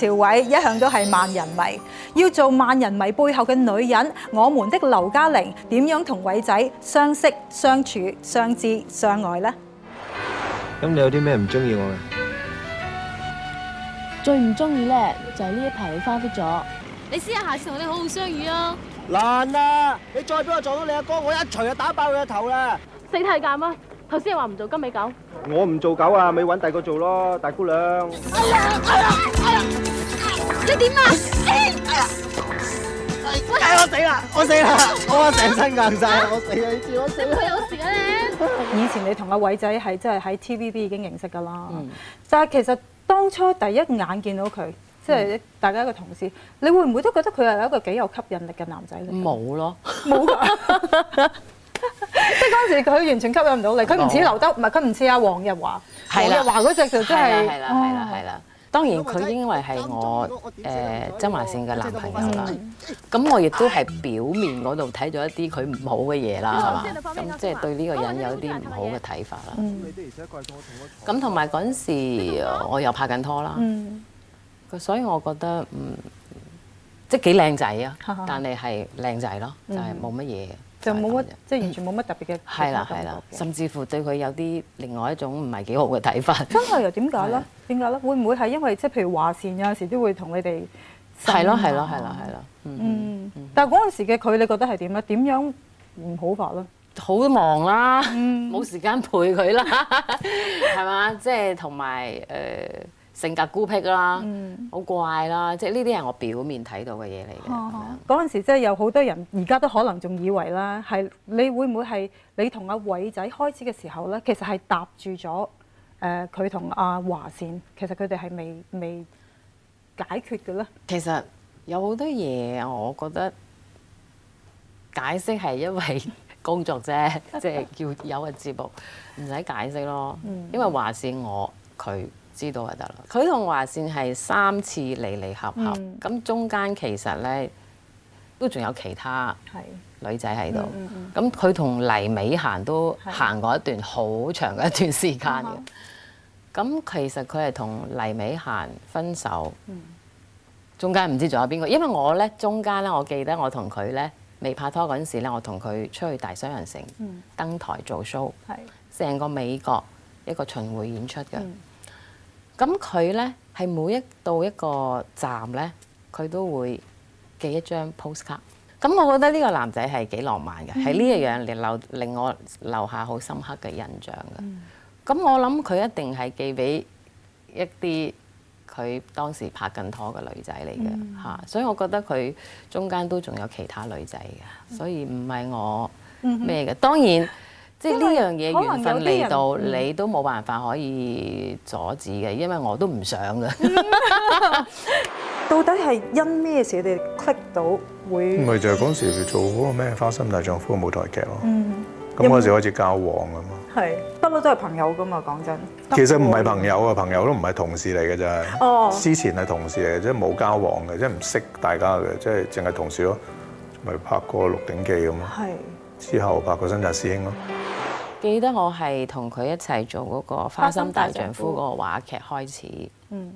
朝偉一向都係萬人迷，要做萬人迷背後嘅女人，我們的劉嘉玲點樣同偉仔相識、相處、相知、相愛呢？咁你有啲咩唔中意我嘅？最唔中意咧就係呢一排你翻 fit 咗。你試下下次同你好好相遇啊！難啊！你再俾我撞到你阿哥，我一錘就打爆佢個頭啦！死太監啊！頭先話唔做金尾狗，我唔做狗啊，咪揾第二個做咯，大姑娘。你點啊？哎呀！我死啦！我死啦！我成身硬晒，我死啦！我死佢有、啊、死啦咧！以前你同阿偉仔係真係喺 TVB 已經認識噶啦，嗯、但係其實當初第一眼見到佢，即、就、係、係、大家一個同事，你會唔會都覺得佢係一個幾有吸引力嘅男仔咧？冇咯，冇噶，即係嗰陣時佢完全吸引唔到你，佢唔似劉德，唔係，佢唔似阿黃日華，黃係呀日華嗰隻就真、係、係，係啦，係啦，係啦，係啦。當然佢因為係我誒曾、呃、華倩嘅男朋友啦，咁、嗯、我亦都係表面嗰度睇咗一啲佢唔好嘅嘢啦，係嘛、嗯？咁即係對呢個人有一啲唔好嘅睇法啦。咁同埋嗰陣時我又拍緊拖啦，嗯、所以我覺得嗯即幾靚仔啊，但係係靚仔咯，嗯、就係冇乜嘢。就冇乜，即係完全冇乜特別嘅。係啦係啦，甚至乎對佢有啲另外一種唔係幾好嘅睇法。真係又點解咧？點解咧？會唔會係因為即係譬如華視有陣時都會同你哋係咯係咯係啦係啦，嗯嗯。但係嗰陣時嘅佢，你覺得係點咧？點樣唔好法咯？好忙啦，冇時間陪佢啦，係嘛？即係同埋誒。性格孤僻啦，好、嗯、怪啦，即係呢啲係我表面睇到嘅嘢嚟嘅。嗰陣、啊、時即係有好多人，而家都可能仲以為啦，係你會唔會係你同阿偉仔開始嘅時候咧？其實係搭住咗誒佢同阿華善，其實佢哋係未未解決嘅咧。其實有好多嘢，我覺得解釋係因為工作啫，即係 叫有個節目唔使解釋咯，因為華善我佢。他知道就得啦。佢同華倩係三次離離合合，咁、嗯、中間其實咧都仲有其他女仔喺度。咁佢同黎美嫻都行過一段好是長嘅一段時間嘅。咁、嗯、哼其實佢係同黎美嫻分手，嗯、中間唔知仲有邊個？因為我咧中間咧，我記得我同佢咧未拍拖嗰陣時咧，我同佢出去大西洋城、嗯、登台做 show，係成是個美國一個巡迴演出㗎。嗯咁佢呢，係每一到一個站呢，佢都會寄一張 postcard。咁我覺得呢個男仔係幾浪漫嘅，係呢一樣嚟令我留下好深刻嘅印象嘅。咁、mm hmm。我諗佢一定係寄俾一啲佢當時拍緊拖嘅女仔嚟嘅嚇，mm hmm。所以我覺得佢中間都仲有其他女仔嘅，所以唔係我咩嘅。Mm hmm。當然。即係呢樣嘢緣分嚟到，你都冇辦法可以阻止嘅，因為我都唔想嘅。到底係因咩事你 click 到會？唔係就係嗰時做嗰個咩花心大丈夫舞台劇咯。咁嗰時開始交往咁嘛，係，不嬲都係朋友㗎嘛，講真。其實唔係朋友啊，朋友都唔係同事嚟嘅啫。哦。之前係同事嚟嘅，即係冇交往嘅，即係唔識大家嘅，即係淨係同事咯。咪拍過《鹿鼎記》咁咯。係。之後拍過《新紮師兄》咯。記得我係同佢一齊做嗰個《花心大丈夫》嗰個話劇開始，嗯，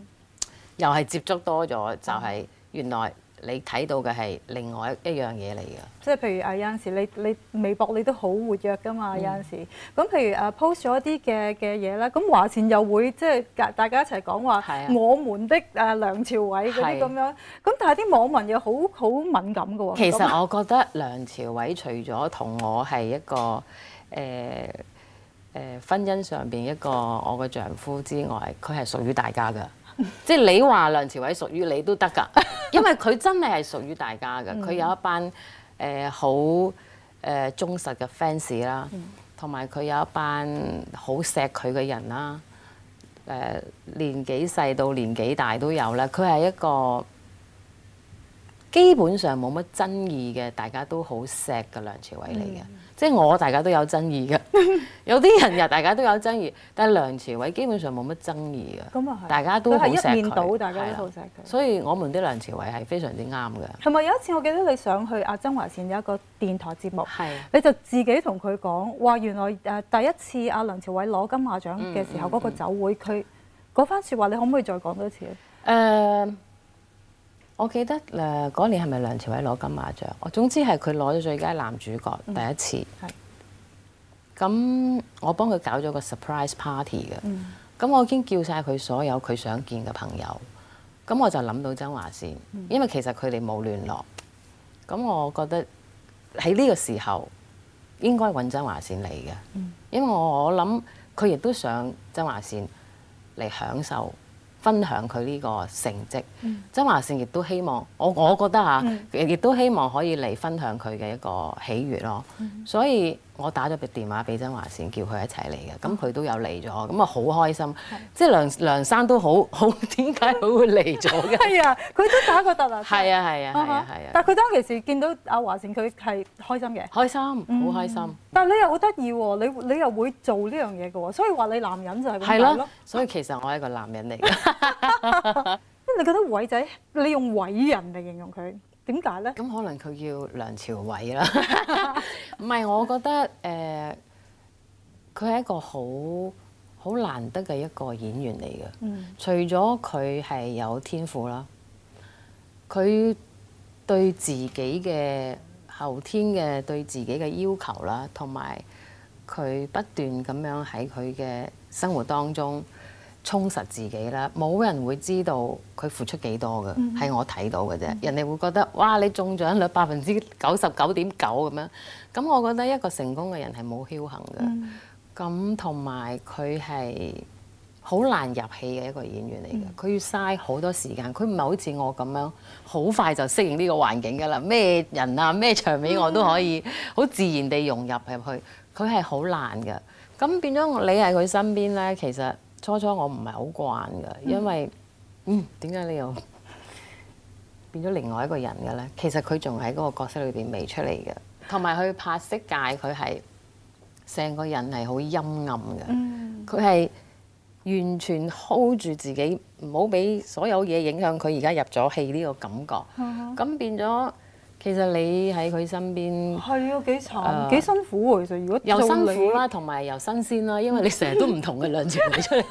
又係接觸多咗，就係、是、原來你睇到嘅係另外一一樣嘢嚟嘅。即係譬如啊，有陣時你你微博你都好活躍㗎嘛，有陣時咁譬、嗯、如啊 post 咗啲嘅嘅嘢啦，咁華視又會即係大家一齊講話我們的啊梁朝偉嗰啲咁樣，咁的但係啲網民又好好敏感㗎喎。其實我覺得梁朝偉除咗同我係一個。誒誒，婚姻上邊，一個我嘅丈夫之外，佢係屬於大家嘅， 即係你話梁朝偉屬於你都得㗎， 因為佢真係係屬於大家嘅。佢、嗯、有一班誒、呃、好誒、呃、忠實嘅 fans 啦、嗯，同埋佢有一班好錫佢嘅人啦。誒、呃、年紀細到年紀大都有啦，佢係一個。基本上冇乜爭議嘅，大家都好錫個梁朝偉嚟嘅，嗯、即係我大家都有爭議嘅， 有啲人又大家都有爭議，但係梁朝偉基本上冇乜爭議嘅，大家都好錫佢。佢係一面倒，大家都好錫佢。所以我們啲梁朝偉係非常之啱嘅。係咪有一次我記得你上去阿曾華倩有一個電台節目，的你就自己同佢講話，原來誒第一次阿梁朝偉攞金馬獎嘅時候嗰個酒會，佢嗰、嗯嗯嗯、番説話，你可唔可以再講多次咧？呃我記得誒嗰年係咪梁朝偉攞金馬獎？我總之係佢攞咗最佳男主角第一次。係、嗯。咁我幫佢搞咗個 surprise party 嘅。咁、嗯、我已經叫晒佢所有佢想見嘅朋友。咁我就諗到曾華善，嗯、因為其實佢哋冇聯絡。咁我覺得喺呢個時候應該揾曾華善嚟嘅，嗯、因為我我諗佢亦都想曾華善嚟享受。分享佢呢個成績，曾華倩亦都希望，我我覺得嚇，亦亦、嗯、都希望可以嚟分享佢嘅一個喜悅咯，嗯、所以。我打咗個電話俾曾華倩，叫佢一齊嚟嘅，咁佢都有嚟咗，咁啊好開心，的即係梁梁生都好好，點解佢會嚟咗嘅？係啊， 佢都打個突啊！係啊係啊係啊！Uh huh. 的但係佢當其時見到阿華倩，佢係開心嘅，開心，好開心。嗯、但係你又好得意喎，你你又會做呢樣嘢嘅喎，所以話你男人就係咁樣咯。所以其實我係一個男人嚟㗎，咁你覺得偉仔，你用偉人嚟形容佢？點解咧？咁可能佢要梁朝偉啦， 唔係我覺得誒，佢、呃、係一個好好難得嘅一個演員嚟嘅。嗯、除咗佢係有天賦啦，佢對自己嘅後天嘅對自己嘅要求啦，同埋佢不斷咁樣喺佢嘅生活當中。充實自己啦，冇人會知道佢付出幾多嘅，係、嗯、我睇到嘅啫。嗯、人哋會覺得哇！你中獎率百分之九十九點九咁樣，咁我覺得一個成功嘅人係冇僥幸嘅。咁同埋佢係好難入戲嘅一個演員嚟嘅，佢、嗯、要嘥好多時間。佢唔係好似我咁樣好快就適應呢個環境㗎啦。咩人啊，咩場面我都可以好自然地融入入去。佢係好難嘅，咁變咗你喺佢身邊呢，其實。初初我唔係好慣嘅，因為、mm hmm. 嗯、點解你又變咗另外一個人嘅咧？其實佢仲喺嗰個角色裏邊未出嚟嘅，同埋佢拍色戒，佢係成個人係好陰暗嘅，佢係、mm hmm. 完全 hold 住自己，唔好俾所有嘢影響佢而家入咗戲呢個感覺，咁、mm hmm. 變咗。其實你喺佢身邊係啊，幾慘幾辛苦喎、啊。其實如果你又辛苦啦、啊，同埋又新鮮啦、啊，因為你成日都唔同嘅兩條女出嚟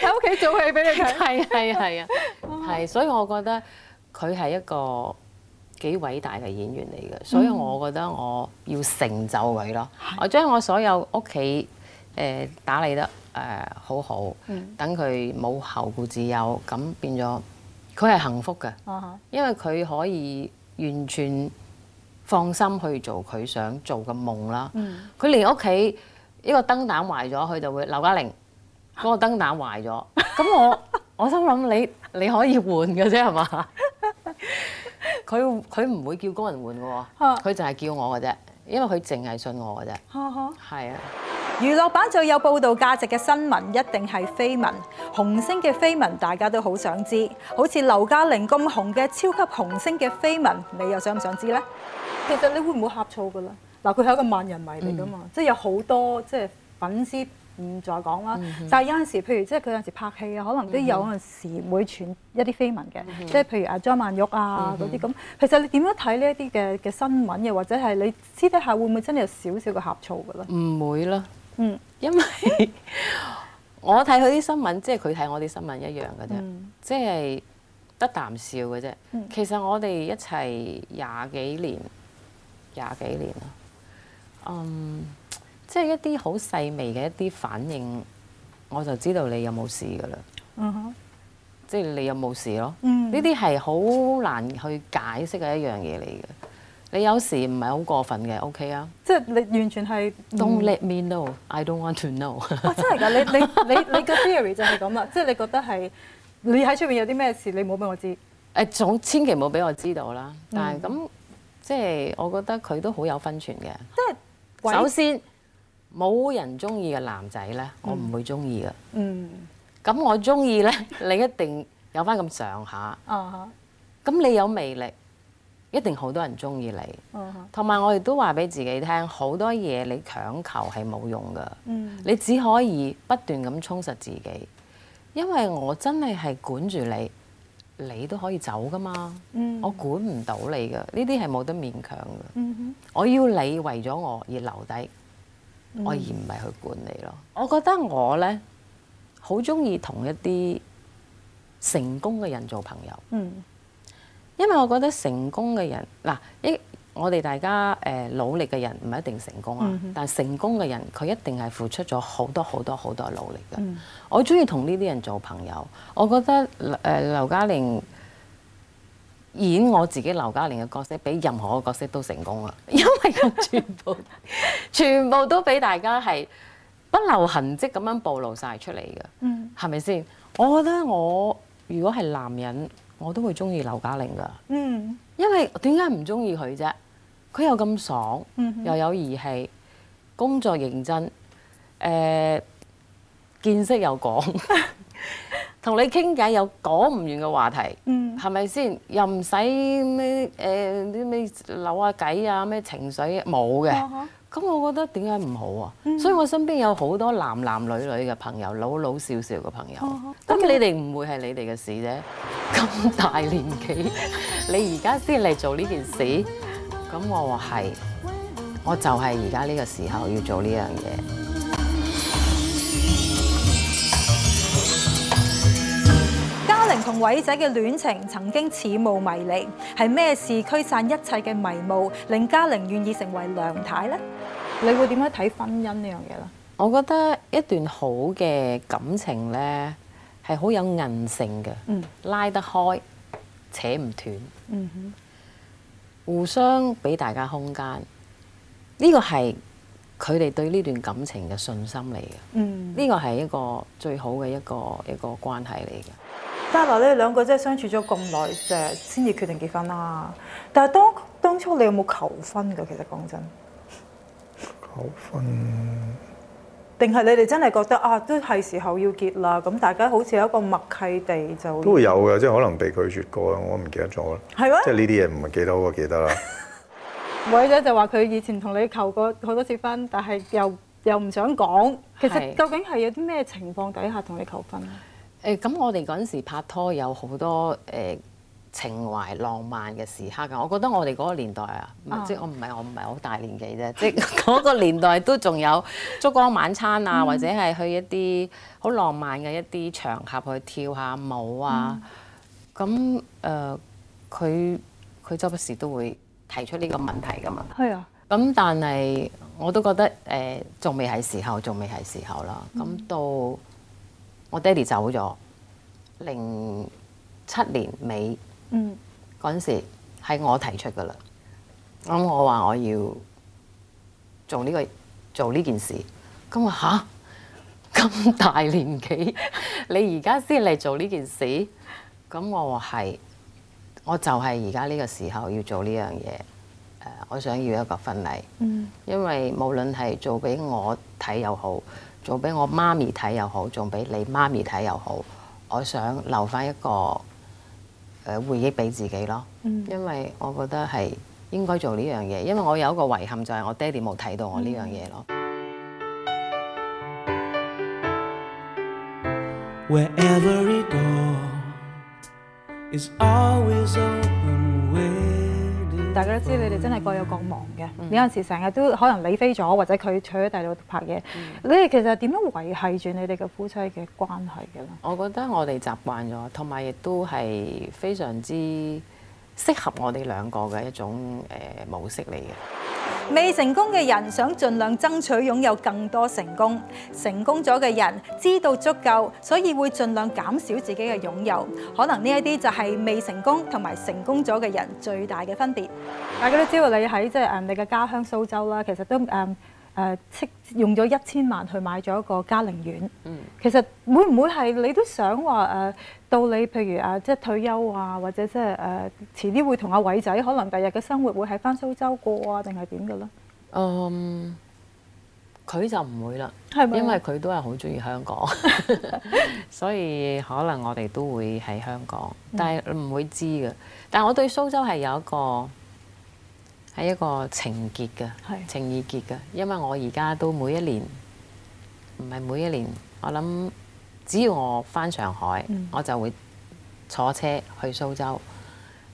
喺屋企做戲俾你睇， 係係啊係啊，係。所以我覺得佢係一個幾偉大嘅演員嚟嘅，所以我覺得我要成就佢咯。嗯、我將我所有屋企誒打理得誒、呃、好好，等佢冇後顧之憂，咁變咗佢係幸福嘅，嗯、因為佢可以。完全放心去做佢想做嘅夢啦。佢連屋企一個燈膽壞咗，佢就會劉嘉玲嗰、啊、個燈膽壞咗。咁 我我心諗你你可以換嘅啫，係嘛？佢佢唔會叫工人換嘅喎，佢淨係叫我嘅啫，因為佢淨係信我嘅啫。係 啊。娛樂版最有報道價值嘅新聞一定係緋聞，紅星嘅緋聞大家都好想知，好似劉嘉玲咁紅嘅超級紅星嘅緋聞，你又想唔想知呢？其實你會唔會呷醋噶啦？嗱，佢係一個萬人迷嚟噶嘛，即係有好多即係粉絲唔再講啦。嗯、哼 但係有陣時，譬如即係佢有陣時拍戲啊，可能都有陣、嗯、哼 時會傳一啲緋聞嘅，即係、嗯、哼 譬如阿張曼玉啊嗰啲咁。其實你點樣睇呢一啲嘅嘅新聞又或者係你私底下會唔會真係有少少嘅呷醋噶咧？唔會啦。嗯，因為我睇佢啲新聞，即係佢睇我啲新聞一樣嘅啫，即係得啖笑嘅啫。嗯、其實我哋一齊廿幾年，廿幾年啦，嗯，即係一啲好細微嘅一啲反應，我就知道你有冇事噶啦。嗯哼，即係你有冇事咯？呢啲係好難去解釋嘅一樣嘢嚟嘅。你有時唔係好過分嘅，OK 啊？即係你完全係。Don't let me know. I don't want to know. 哦、真係㗎你你你你個 theory 就係咁啦， 即係你覺得係你喺出面有啲咩事，你冇俾我知道。誒，總千祈冇俾我知道啦。嗯、但係咁，即係我覺得佢都好有分寸嘅。即係首先冇人中意嘅男仔咧，我唔會中意嘅。嗯。咁我中意咧， 你一定有翻咁上下。啊、uh。咁、huh、你有魅力。一定好多人中意你，同埋、嗯、我亦都話俾自己聽，好多嘢你強求係冇用噶，嗯、你只可以不斷咁充實自己。因為我真係係管住你，你都可以走噶嘛，嗯、我管唔到你噶，呢啲係冇得勉強噶。嗯、哼我要你為咗我而留低，我而唔係去管你咯。嗯、我覺得我呢，好中意同一啲成功嘅人做朋友。嗯因為我覺得成功嘅人嗱，一、啊、我哋大家誒努力嘅人唔一定成功啊，mm hmm. 但係成功嘅人佢一定係付出咗好多好多好多努力嘅。Mm hmm. 我中意同呢啲人做朋友，我覺得誒、呃、劉嘉玲演我自己劉嘉玲嘅角色，比任何嘅角色都成功啦，因為佢全部 全部都俾大家係不留痕跡咁樣暴露晒出嚟嘅，嗯、mm，係咪先？我覺得我如果係男人，我都會中意劉嘉玲㗎，嗯，因為點解唔中意佢啫？佢又咁爽，嗯、哼又有義氣，工作認真，誒、呃，見識又廣，同 你傾偈又講唔完嘅話題，嗯，係咪先？又唔使咩誒啲咩扭下計啊咩情緒冇嘅。沒咁我覺得點解唔好啊？嗯、所以我身邊有好多男男女女嘅朋友，老老少少嘅朋友。咁、哦、你哋唔那會係你哋嘅事啫。咁大年紀，你而家先嚟做呢件事？咁我話係，我就係而家呢個時候要做呢樣嘢。嘉玲同偉仔嘅戀情曾經似霧迷離，係咩事驅散一切嘅迷霧，令嘉玲願意成為梁太呢？你會點樣睇婚姻呢樣嘢咧？我覺得一段好嘅感情咧，係好有韌性嘅，嗯、拉得開，扯唔斷，嗯、哼互相俾大家空間，呢個係佢哋對呢段感情嘅信心嚟嘅。嗯，呢個係一個最好嘅一個一個關係嚟嘅。嘉玲，你兩個即係相處咗咁耐，就係先至決定結婚啦。但係當當初你有冇求婚㗎？其實講真。求婚？定係你哋真係覺得啊，都係時候要結啦。咁大家好似有一個默契地就都會有嘅，即係可能被拒絕過，我唔記,、啊、記得咗啦。係咯，即係呢啲嘢唔係記得，我記得啦。偉仔 就話佢以前同你求過好多次婚，但係又又唔想講。其實究竟係有啲咩情況底下同你求婚？誒，咁我哋嗰陣時拍拖有好多誒。呃情懷浪漫嘅時刻啊！我覺得我哋嗰個年代啊，oh. 即係我唔係我唔係好大年紀啫， 即係嗰個年代都仲有燭光晚餐啊，mm. 或者係去一啲好浪漫嘅一啲場合去跳下舞啊。咁誒、mm.，佢佢周不時都會提出呢個問題㗎嘛。係啊、嗯。咁但係我都覺得誒，仲未係時候，仲未係時候啦。咁、mm. 到我爹哋走咗零七年尾。嗯，嗰陣時係我提出噶啦，咁我話我要做呢、呢個做呢件事，咁我吓，咁、啊、咁大年紀，你而家先嚟做呢件事，咁我話係，我就係而家呢個時候要做呢樣嘢，誒，我想要一個婚禮，嗯，因為無論係做俾我睇又好，做俾我媽咪睇又好，仲俾你媽咪睇又好，我想留翻一個。誒，回憶俾自己咯，因為我覺得係應該做呢樣嘢，因為我有一個遺憾，就係、是、我爹哋冇睇到我呢樣嘢咯。 大家都知你哋真係各有各忙嘅，嗯、有陣時成日都可能你飛咗，或者佢坐喺第度拍嘢。嗯、你哋其實點樣維係住你哋嘅夫妻嘅關係嘅咧？我覺得我哋習慣咗，同埋亦都係非常之適合我哋兩個嘅一種誒、呃、模式嚟嘅。未成功嘅人想盡量爭取擁有更多成功，成功咗嘅人知道足夠，所以會盡量減少自己嘅擁有。可能呢一啲就係未成功同埋成功咗嘅人最大嘅分別。大家都知道你喺即係誒你嘅家鄉蘇州啦，其實都誒。誒斥用咗一千萬去買咗個嘉陵園，其實會唔會係你都想話誒到你譬如啊，即係退休啊，或者即係誒遲啲會同阿偉仔，可能第日嘅生活會喺翻蘇州過啊，定係點嘅咧？嗯，佢就唔會啦，因為佢都係好中意香港，所以可能我哋都會喺香港，但係唔會知嘅。但係我對蘇州係有一個。係一個情結嘅是情意結嘅，因為我而家都每一年，唔係每一年，我諗只要我返上海，嗯、我就會坐車去蘇州，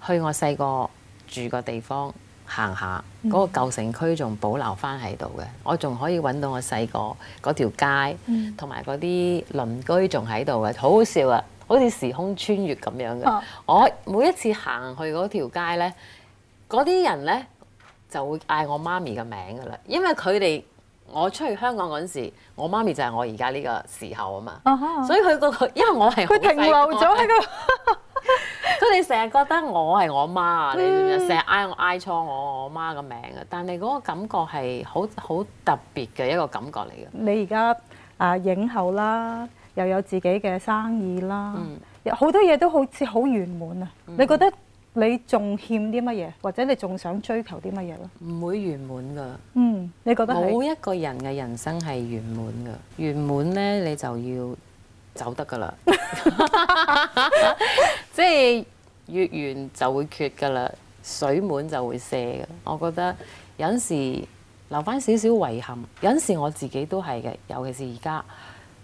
去我細個住個地方行下，嗰、嗯、個舊城區仲保留返喺度嘅，我仲可以揾到我細個嗰條街，同埋嗰啲鄰居仲喺度嘅，好好笑啊！好似時空穿越咁樣嘅，哦、我每一次行去嗰條街呢，嗰啲人呢。就會嗌我媽咪嘅名噶啦，因為佢哋我出去香港嗰陣時候，我媽咪就係我而家呢個時候啊嘛，uh huh. 所以佢個因為我係佢停留咗喺個，佢哋成日覺得我係我媽、mm. 你成日嗌我嗌錯我我媽嘅名啊，但係嗰個感覺係好好特別嘅一個感覺嚟嘅。你而家啊影后啦，又有自己嘅生意啦，好、嗯、多嘢都好似好圓滿啊！嗯、你覺得？你仲欠啲乜嘢，或者你仲想追求啲乜嘢咯？唔會圓滿噶。嗯，你覺得冇一個人嘅人生係圓滿噶。圓滿咧，你就要走得噶啦。即係 月圓就會缺噶啦，水滿就會瀉。我覺得有陣時留返少少遺憾，有陣時候我自己都係嘅，尤其是而家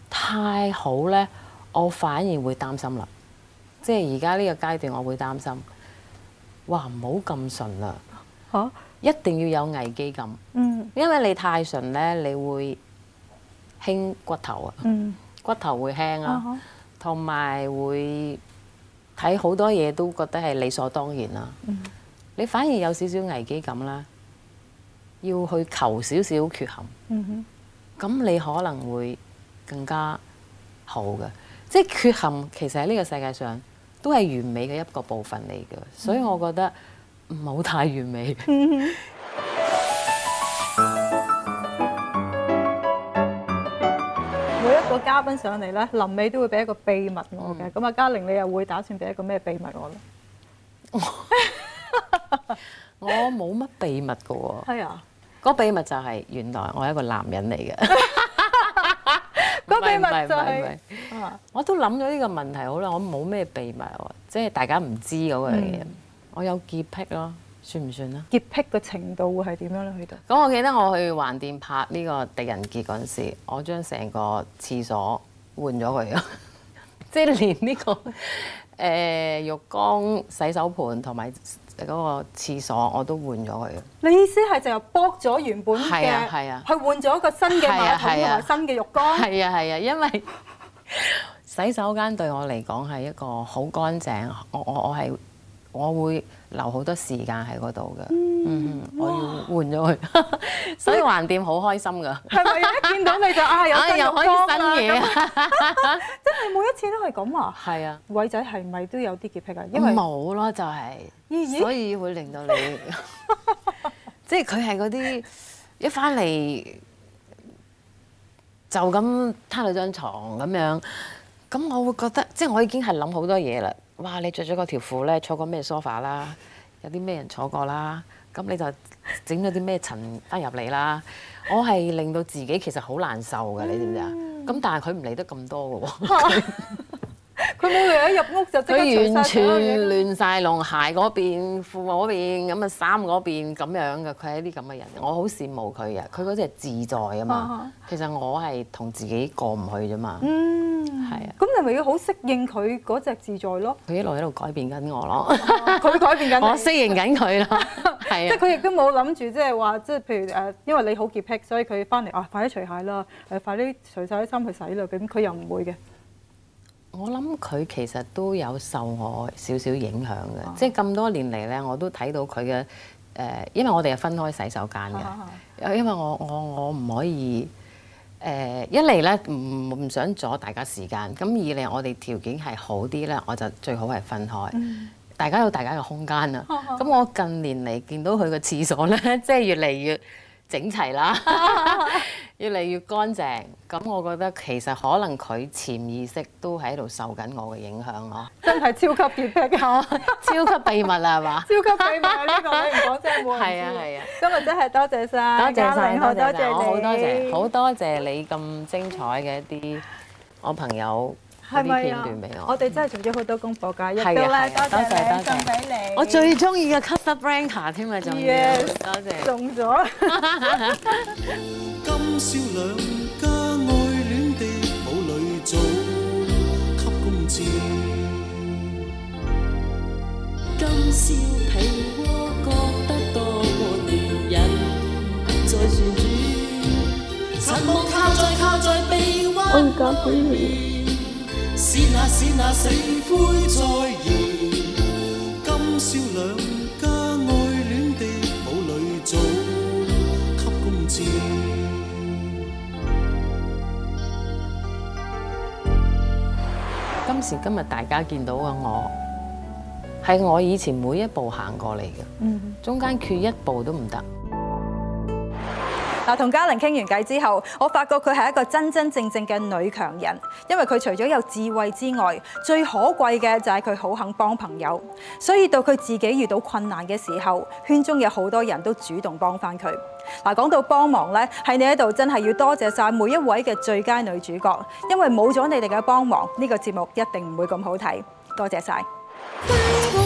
太好咧，我反而會擔心啦。即係而家呢個階段，我會擔心。哇，唔好咁純啦！啊、一定要有危機感。嗯，因為你太純咧，你會輕骨頭啊。嗯，骨頭會輕啊哈，同埋會睇好多嘢都覺得係理所當然啦。嗯、你反而有少少危機感啦，要去求少少缺陷。嗯哼，咁你可能會更加好嘅。即係缺陷其實喺呢個世界上，都係完美嘅一個部分嚟嘅，所以我覺得唔好太完美。每一個嘉賓上嚟咧，臨尾都會俾一個秘密我嘅。咁啊，嘉玲你又會打算俾一個咩秘密我咧？我冇乜秘密㗎喎。係啊，個秘密就係原來我係一個男人嚟嘅。秘密就係、唔係唔係唔係、我都諗咗呢個問題好啦，我冇咩秘密喎，即係大家唔知嗰樣嘢。嗯、我有潔癖咯，算唔算咧？潔癖嘅程度係點樣咧？佢就咁，我記得我去橫店拍呢個狄仁傑嗰陣時，我將成個廁所換咗佢咯，即 係連呢個誒浴缸、洗手盆同埋。嗰個廁所我都換咗佢。你意思係就係剝咗原本嘅，係、啊啊、換咗一個新嘅馬桶同埋新嘅浴缸。係啊係啊，啊，因為洗手間對我嚟講係一個好乾淨。我我我係。我會留好多時間喺嗰度嘅，嗯，我要換咗佢，所以橫掂好開心噶，係咪一見到你就啊，又可以新嘢啊！即係每一次都係咁啊！係啊，偉仔係咪都有啲潔癖啊？因為冇咯，就係，所以會令到你，即係佢係嗰啲一翻嚟就咁攤喺張床咁樣，咁我會覺得，即係我已經係諗好多嘢啦。哇！你着咗嗰條褲咧，坐過咩 sofa 啦？有啲咩人坐過啦？咁你就整咗啲咩塵得入嚟啦？我係令到自己其實好難受嘅，你知唔知道、嗯、不啊？咁但係佢唔理得咁多嘅喎，佢冇理一入屋就即完全亂晒龍，鞋嗰邊、褲嗰邊、咁啊衫嗰邊咁樣嘅。佢係啲咁嘅人，我好羨慕佢啊！佢嗰啲自在啊嘛。啊其實我係同自己過唔去啫嘛。嗯係啊，咁你咪要好適應佢嗰隻自在咯？佢一路喺度改變緊我咯、啊，佢改變緊我適應緊佢囉，啊、 即係佢亦都冇諗住即係話即係譬如因為你好潔癖，所以佢翻嚟啊，快啲除鞋啦，快啲除晒啲衫去洗啦，咁佢又唔會嘅。我諗佢其實都有受我少少影響嘅，啊、即係咁多年嚟咧，我都睇到佢嘅、呃、因為我哋係分開洗手間嘅，啊啊、因為我我我唔可以。誒、呃、一嚟咧唔唔想阻大家時間，咁二嚟我哋條件係好啲咧，我就最好係分開，嗯、大家有大家嘅空間啦。咁好我近年嚟見到佢嘅廁所咧，即係越嚟越整齊啦， 越嚟越乾淨。咁我覺得其實可能佢潛意識都喺度受緊我嘅影響哦、啊。真係超， 超級秘密，超級秘密啦，係、這、嘛、個？超級秘密呢個唔講真冇啊，係啊，今日、啊、真係多謝晒嘉玲，多謝好多謝我好多謝好多謝你咁你精彩嘅一啲我朋友。係咪啊！我哋真係做咗好多功課㗎，入到嚟多謝你送俾你。我最中意嘅 Casper Branca 添啊，仲多謝送咗。今宵兩家愛戀的堡裏早給公主，今宵被窩覺得多麼暖人，在旋轉，晨霧靠在靠在臂彎。我而家唔見。今時今日大家見到嘅我，係我以前每一步行過嚟嘅，中間缺一步都唔得。嗱，同嘉玲傾完偈之後，我發覺佢係一個真真正正嘅女強人，因為佢除咗有智慧之外，最可貴嘅就係佢好肯幫朋友。所以到佢自己遇到困難嘅時候，圈中有好多人都主動幫翻佢。嗱，講到幫忙呢，喺你喺度真係要多謝晒每一位嘅最佳女主角，因為冇咗你哋嘅幫忙，呢個節目一定唔會咁好睇。多謝晒。